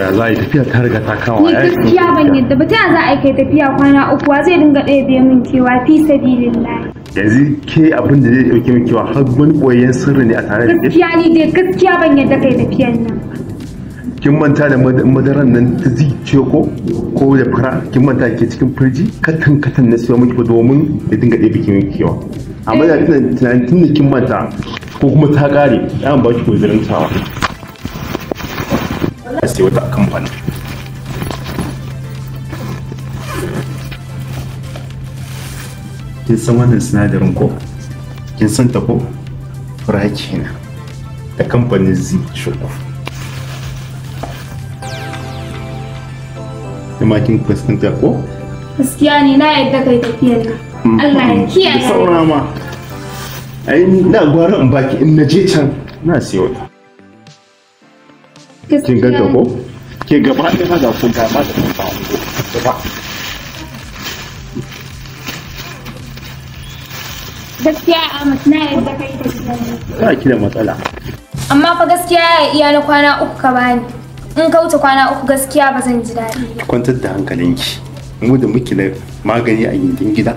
ya za a yi tafiya ta riga ta kama ya gaskiya ban yadda ba ta za a yi kai tafiya kwana uku wa zai dinga ɗaya biyan min cewa fi sabilillahi yanzu ke abin da zai ɗauke min kewa har wani ɓoyayyen sirri ne a tare da gaskiya ni dai gaskiya ban yadda kai tafiyan nan kin manta da madaran nan ta zice ko ko da fara kin manta ke cikin firji katan katan na siyo miki domin ya dinga ɗaya bikin kewa amma da eh. tunanin tun da kin manta ko kuma ta ƙare ɗan ba ki ko zirin tawa ya sai wata a kamfanin kin san wannan sinadarin ko kin san ta ko raki na da kamfanin z shukuf kuma kin ta ko gaskiya ne na yadda kai tafiyar nan hmm. Allah ya kiyaye saura ma ayi na gwara in baki in na je can na siyo ta kin ganta ko ke gaba ɗaya ma ga kun ta ma da kun gaba gaskiya a na yadda kai da ba ki da matsala amma fa gaskiya iya na kwana uku ka bani in ka wuce kwana uku gaskiya ba zan ji daɗi ki kwantar da hankalinki mu da muke na magani a gindin gida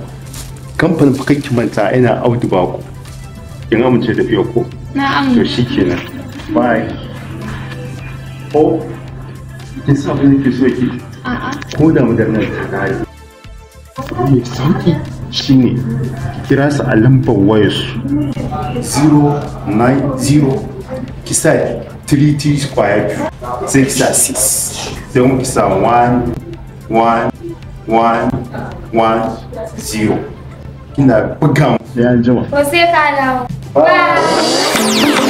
kamfanin fa kanki manta yana audu ba ku kin amince da fiye ko amince. to shikenan bye ko kin san abin da so yake ko da nan ta kare abu mai sauki shine kira su a lambar wayarsu 090 ki sa kisa t square sai ki sa 6 don ki sa 1 1 1 0 kina buga mu ya jima ko sai ka dawo bye